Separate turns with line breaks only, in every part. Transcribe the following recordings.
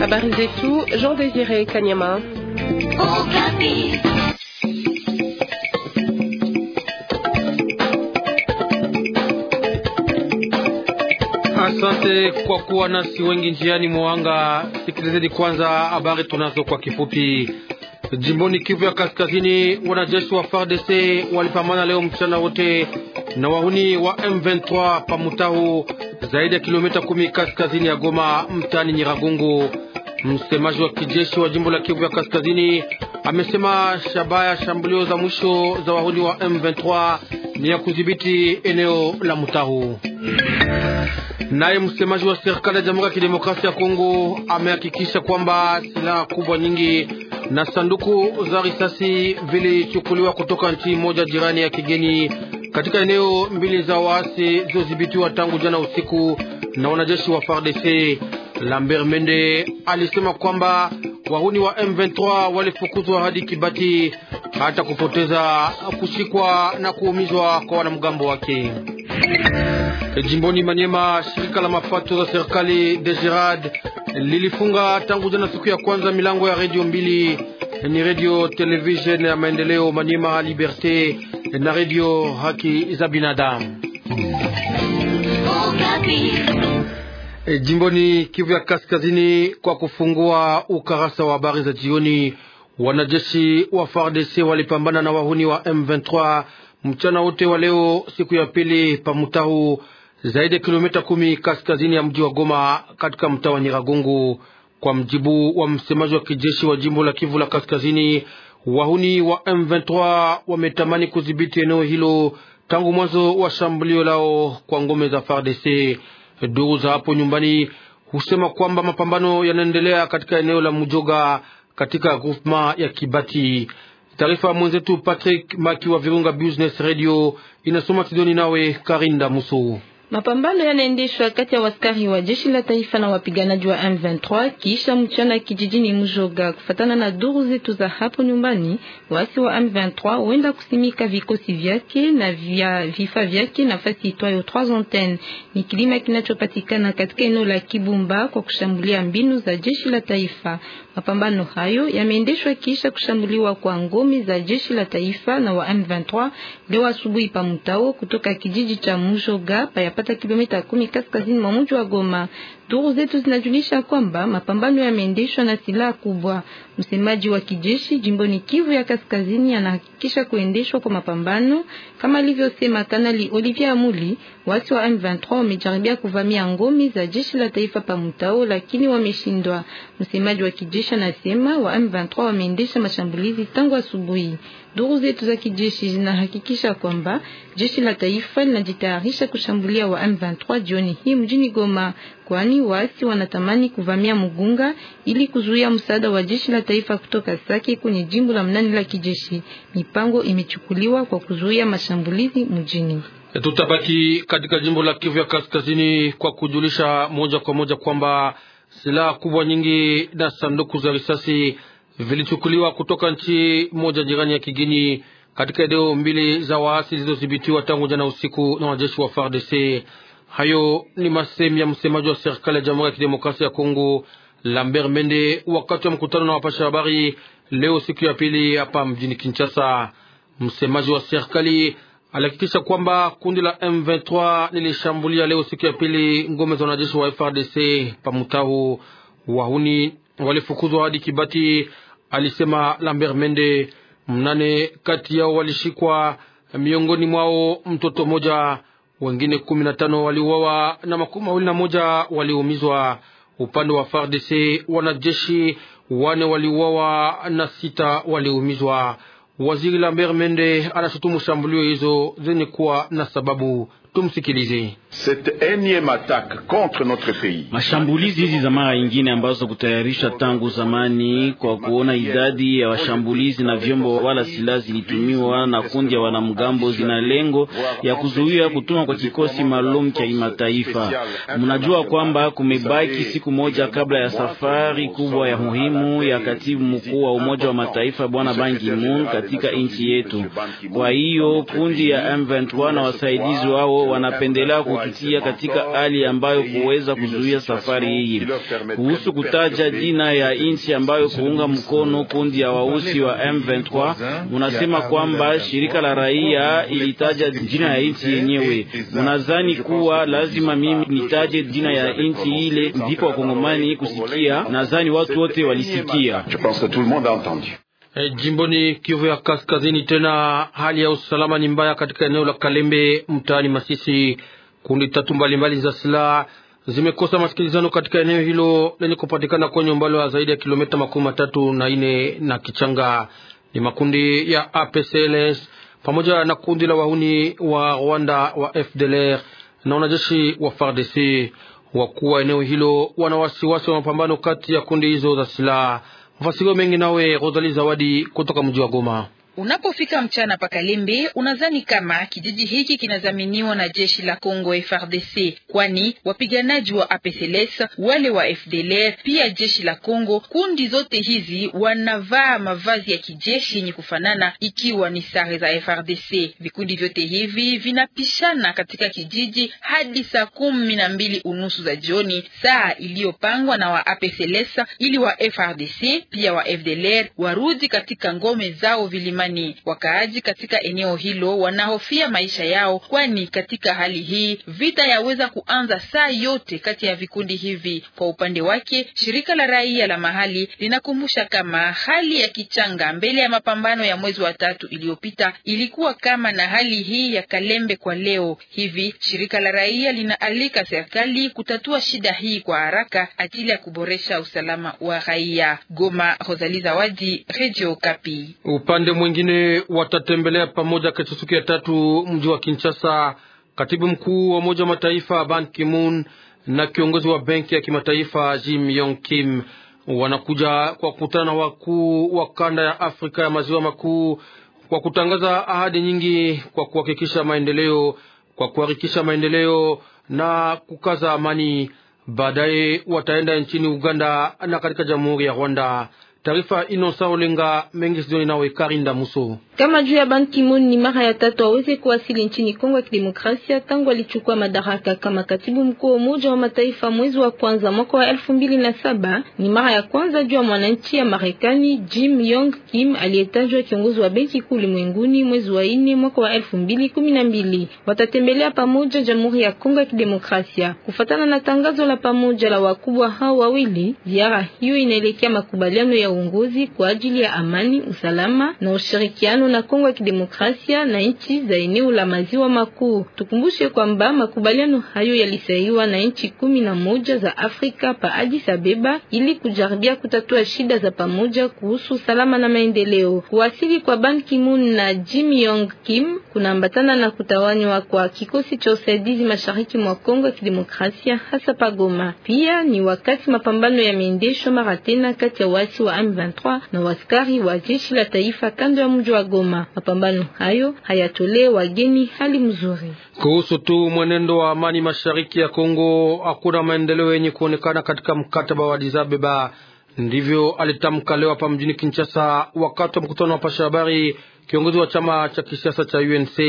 Habari zetu Jean Désiré Kanyama. Okapi.
Asante kwa kuwa nasi wengi njiani mwanga. Sikilizeni kwanza habari tunazo kwa kifupi. Jimboni Kivu ya Kaskazini, wanajeshi wa FARDC walipambana leo mchana wote na wahuni wa M23 pamutahu zaidi ya kilomita kumi kaskazini ya Goma, mtani Nyiragongo. Msemaji wa kijeshi wa jimbo la Kivu ya kaskazini amesema shabaha ya shambulio za mwisho za wahuni wa M23 ni ya kudhibiti eneo la Mutahu. Naye msemaji wa serikali ya Jamhuri ya Kidemokrasia ya Kongo amehakikisha kwamba silaha kubwa nyingi na sanduku za risasi vilichukuliwa kutoka nchi moja jirani ya kigeni katika eneo mbili za waasi zilizodhibitiwa tangu jana usiku na wanajeshi wa FARDC. Lambert Mende alisema kwamba wahuni wa M23 walifukuzwa hadi Kibati hata kupoteza kushikwa na kuumizwa kwa wanamgambo wake. Jimboni Manyema, shirika la mapato za serikali Gerard lilifunga tangu jana siku ya kwanza milango ya redio mbili, ni redio television ya maendeleo Manyema Liberte na redio haki za binadamu e, eh, jimboni Kivu ya Kaskazini. Kwa kufungua ukarasa wa habari za jioni, wanajeshi wa FARDC walipambana na wahuni wa M23 mchana wote wa leo, siku ya pili, pamutahu zaidi ya kilomita kumi kaskazini ya mji wa Goma katika mtaa wa Nyiragongo, kwa mjibu wa msemaji wa kijeshi wa jimbo la Kivu la Kaskazini. Wahuni wa M23 wametamani kudhibiti eneo hilo tangu mwanzo wa shambulio lao kwa ngome za FARDC. Ndugu za hapo nyumbani husema kwamba mapambano yanaendelea katika eneo la Mujoga katika groupement ya Kibati. Taarifa mwenzetu Patrick Maki wa Virunga Business Radio inasoma Tidoni nawe Karinda Musu.
Mapambano yanaendeshwa kati ya waskari wa jeshi la taifa na wapiganaji wa M23 kisha mchana kijijini Mujoga. Kufatana na duru zetu za hapo nyumbani, wasi wa M23 huenda kusimika vikosi vyake na vya vifaa vyake nafasi itwayo 3 Antennes, ni kilima kinachopatikana katika eneo la Kibumba kwa kushambulia mbinu za jeshi la taifa. Mapambano hayo yameendeshwa kisha kushambuliwa kwa ngome za jeshi la taifa na wa M23 leo asubuhi pa mtao kutoka kijiji cha Mujoga pa yapata kilomita kumi kaskazini mwa mji wa Goma. Duru zetu zinajulisha kwamba mapambano yameendeshwa na silaha kubwa. Msemaji wa kijeshi jimboni Kivu ya kaskazini anahakikisha kuendeshwa kwa mapambano kama alivyosema Kanali Olivier Amuli. Watu wa M23 wamejaribia kuvamia ngome za jeshi la taifa pa Mutao, lakini wameshindwa. Msemaji wa kijeshi anasema wa M23 wameendesha mashambulizi tangu asubuhi. Duru zetu za kijeshi zinahakikisha kwamba jeshi la taifa linajitayarisha kushambulia wa M23 jioni hii mjini Goma, kwani waasi wanatamani kuvamia Mugunga ili kuzuia msaada wa jeshi la taifa kutoka Sake kwenye jimbo la mnani la kijeshi. Mipango imechukuliwa kwa kuzuia mashambulizi mjini.
E, tutabaki katika jimbo la Kivu ya Kaskazini kwa kujulisha moja kwa moja kwamba silaha kubwa nyingi na sanduku za risasi vilichukuliwa kutoka nchi moja jirani ya kigeni katika eneo mbili za waasi zilizodhibitiwa tangu jana usiku na wanajeshi wa FARDC. Hayo ni masemi ya msemaji wa serikali ya Jamhuri ya Kidemokrasia ya Kongo Lambert Mende wakati wa mkutano na wapasha habari leo siku ya pili hapa mjini Kinshasa. Msemaji wa serikali alihakikisha kwamba kundi la M23 lilishambulia leo siku ya pili ngome za wanajeshi wa FARDC pamutahu. Wahuni walifukuzwa hadi Kibati alisema Lambert Mende. Mnane kati yao walishikwa, miongoni mwao mtoto moja, wengine kumi na tano waliuawa na makumi mawili na moja waliumizwa. Upande wa FARDC wanajeshi wane waliuawa na sita waliumizwa. Waziri Lambert Mende anashutumu shambulio hizo zenye kuwa na sababu Tumsikilize.
Mashambulizi hizi za mara nyingine ambazo kutayarishwa tangu zamani kwa kuona idadi ya washambulizi na vyombo wala silaha zilitumiwa na kundi ya wanamgambo zina lengo ya kuzuia kutuma kwa kikosi maalum cha kimataifa. Mnajua kwamba kumebaki siku moja kabla ya safari kubwa ya muhimu ya katibu mkuu wa Umoja wa Mataifa Bwana Ban Ki-moon katika nchi yetu. Kwa hiyo kundi ya M23 na wasaidizi wao wanapendelea kututia katika hali ambayo kuweza kuzuia safari hii. Kuhusu kutaja jina ya nchi ambayo kuunga mkono kundi ya wausi wa M23, munasema kwamba shirika la raia ilitaja jina ya nchi yenyewe. munazani kuwa lazima mimi nitaje jina ya nchi ile ndipo wakongomani kusikia? nazani watu wote walisikia.
E, eh, jimboni Kivu ya Kaskazini, tena hali ya usalama ni mbaya katika eneo la Kalembe mtaani Masisi. Kundi tatu mbalimbali za silaha zimekosa masikilizano katika eneo hilo lenye kupatikana kwenye umbali wa zaidi ya kilomita makumi matatu na ine na Kichanga. Ni makundi ya APCLS pamoja na kundi la wahuni wa Rwanda wa FDLR na wanajeshi wa FARDC. Wakuu wa eneo hilo wana wasiwasi wa mapambano kati ya kundi hizo za silaha. Mfasiriwa mengi nawe Rosali Zawadi kutoka mji wa Goma.
Unapofika mchana pa unazani kama kijiji hiki kinazaminiwa na jeshi la Kongo frdc kwani wapiganaji wa APCLS wale wa FDLR pia jeshi la Kongo, kundi zote hizi wanavaa mavazi ya kijeshi yenye kufanana, ikiwa ni sare za frdc Vikundi vyote hivi vinapishana katika kijiji hadi saa kumi na mbili unusu za jioni, saa iliyopangwa na wa APCLS ili wa FRDC pia wa FDLR warudi katika ngome zao vilima nyumbani. Wakaaji katika eneo hilo wanahofia maisha yao, kwani katika hali hii vita yaweza kuanza saa yote kati ya vikundi hivi. Kwa upande wake, shirika la raia la mahali linakumbusha kama hali ya Kichanga mbele ya mapambano ya mwezi wa tatu iliyopita ilikuwa kama na hali hii ya Kalembe kwa leo hivi. Shirika la raia linaalika serikali kutatua shida hii kwa haraka ajili ya kuboresha usalama wa raia. Goma, Rosalie Zawadi, Radio Kapi.
Upande mwingi wengine watatembelea pamoja kesho siku ya tatu mji wa Kinshasa, katibu mkuu wa Umoja wa Mataifa Ban Ki-moon na kiongozi wa benki ya kimataifa Jim Yong Kim wanakuja kwa kukutana na wakuu wa kanda ya Afrika ya maziwa makuu kwa kutangaza ahadi nyingi kwa kuhakikisha maendeleo kwa kuharakisha maendeleo na kukaza amani. Baadaye wataenda nchini Uganda na katika Jamhuri ya Rwanda. Taarifa inosaolenga mengi sioni nawe Karinda Muso.
Kama juu ya Ban Ki-moon ni mara ya tatu aweze kuwasili nchini Kongo ya Kidemokrasia tangu alichukua madaraka kama katibu mkuu wa Umoja wa Mataifa mwezi wa kwanza mwaka wa elfu mbili na saba. Ni mara ya kwanza juu ya mwananchi ya Marekani Jim Yong Kim aliyetajwa kiongozi wa benki kuu ulimwenguni mwezi wa nne mwaka wa elfu mbili kumi na mbili. Watatembelea pamoja Jamhuri ya Kongo ya Kidemokrasia kufatana na tangazo la pamoja la wakubwa hao wawili. Ziara hiyo inaelekea makubaliano ya uongozi kwa ajili ya amani, usalama na ushirikiano na Kongo ya Kidemokrasia na nchi za eneo la maziwa makuu. Tukumbushe kwamba makubaliano hayo yalisainiwa na nchi kumi na moja za Afrika pa Addis Abeba ili kujaribia kutatua shida za pamoja kuhusu usalama na maendeleo. Kuwasili kwa Ban Ki-moon na Jim Yong Kim kunaambatana na kutawanywa kwa kikosi cha usaidizi mashariki mwa Kongo ya Kidemokrasia, hasa pa Goma. Pia ni wakati mapambano yameendeshwa mara tena kati ya waasi wa M23 na waskari wa jeshi la taifa kando ya mji wa Goma. Mapambano hayo hayatolee wageni hali mzuri.
Kuhusu tu mwenendo wa amani mashariki ya Kongo, hakuna maendeleo yenye kuonekana katika mkataba wa Addis Ababa Ndivyo alitamka leo hapa mjini Kinshasa wakati wa mkutano wa pasha habari. Kiongozi wa chama cha kisiasa cha UNC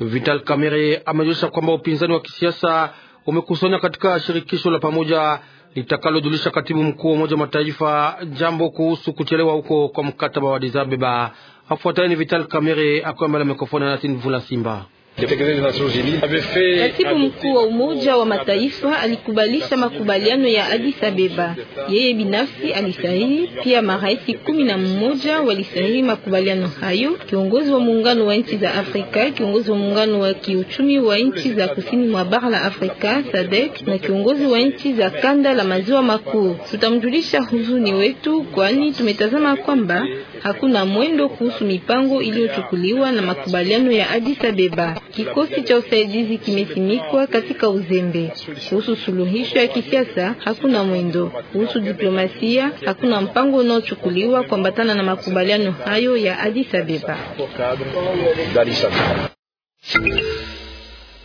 Vital Kamerhe amejulisha kwamba upinzani wa kisiasa umekusanya katika shirikisho la pamoja litakalojulisha katibu mkuu wa Umoja Mataifa jambo kuhusu kuchelewa huko kwa mkataba wa Addis Ababa. ni Vital Kamerhe akiwa mbele ya mikrofoni ya Vula Simba.
Katibu
mkuu wa Umoja wa Mataifa alikubalisha makubaliano ya Addis Abeba. Yeye binafsi alisahihi, pia marais kumi na mmoja walisahihi makubaliano hayo. Kiongozi wa muungano wa nchi za Afrika, kiongozi wa muungano wa kiuchumi wa nchi za kusini mwa bara la Afrika SADC, na kiongozi wa nchi za kanda la maziwa makuu. Tutamjulisha huzuni wetu, kwani tumetazama kwamba hakuna mwendo kuhusu mipango iliyochukuliwa na makubaliano ya Addis Abeba. Kikosi cha usaidizi kimesimikwa katika uzembe. Kuhusu suluhisho ya kisiasa, hakuna mwendo. Kuhusu diplomasia, hakuna mpango unaochukuliwa kuambatana na makubaliano hayo ya Addis Abeba.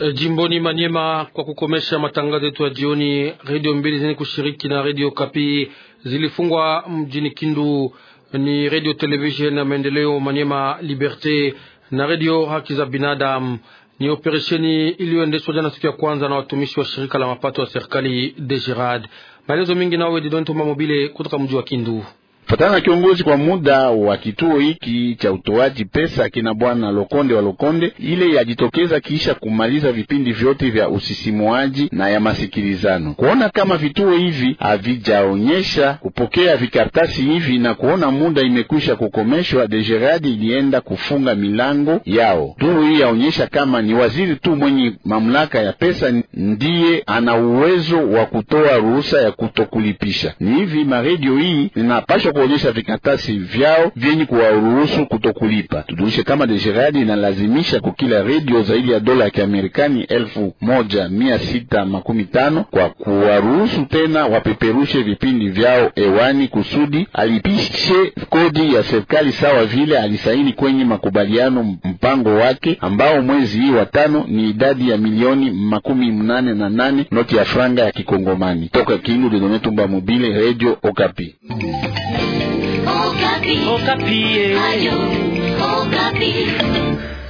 Eh, jimboni Manyema, kwa kukomesha matangazo yetu ya jioni, redio mbili zenye kushiriki na redio Kapi zilifungwa mjini Kindu. Ni redio television ya maendeleo Manyema Liberte na redio haki za binadamu. Ni operesheni iliyoendeshwa jana siku ya kwanza na watumishi wa shirika la mapato ya serikali Gerard. Maelezo mengi nawe Didon Tuma Mobile kutoka mji wa Kindu.
Fatana na kiongozi kwa muda wa kituo hiki cha utoaji pesa kina bwana Lokonde wa Lokonde, ile yajitokeza kisha kumaliza vipindi vyote vya usisimuaji na ya masikilizano, kuona kama vituo hivi havijaonyesha kupokea vikartasi hivi na kuona muda imekwisha kukomeshwa, dejeradi ilienda kufunga milango yao. Duru hii yaonyesha kama ni waziri tu mwenye mamlaka ya pesa ndiye ana uwezo wa kutoa ruhusa ya kutokulipisha. Ni hivi maredio hii inapasha kuonyesha vikatasi vyao vyenye kuwaruhusu kutokulipa. tudulishe kama Desheradi inalazimisha kukila redio zaidi ya dola ya kiamerikani elfu moja mia sita makumi tano kwa kuwaruhusu tena wapeperushe vipindi vyao hewani kusudi alipishe kodi ya serikali sawa vile alisaini kwenye makubaliano mpango wake ambao mwezi hii wa tano ni idadi ya milioni makumi mnane na nane noti ya franga ya kikongomani. Toka Kindu, Didone Tumba Mobile, Radio Okapi.
Okapi. Okapi. Eh. Ayo, Okapi.